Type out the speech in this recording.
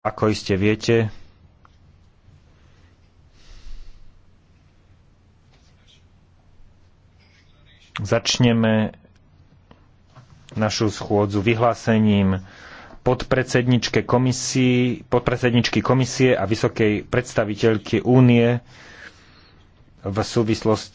Ako iste viete, začneme našu schôdzu vyhlásením podpredsedničke komisii, podpredsedničky komisie a vysokej predstaviteľky únie v súvislosti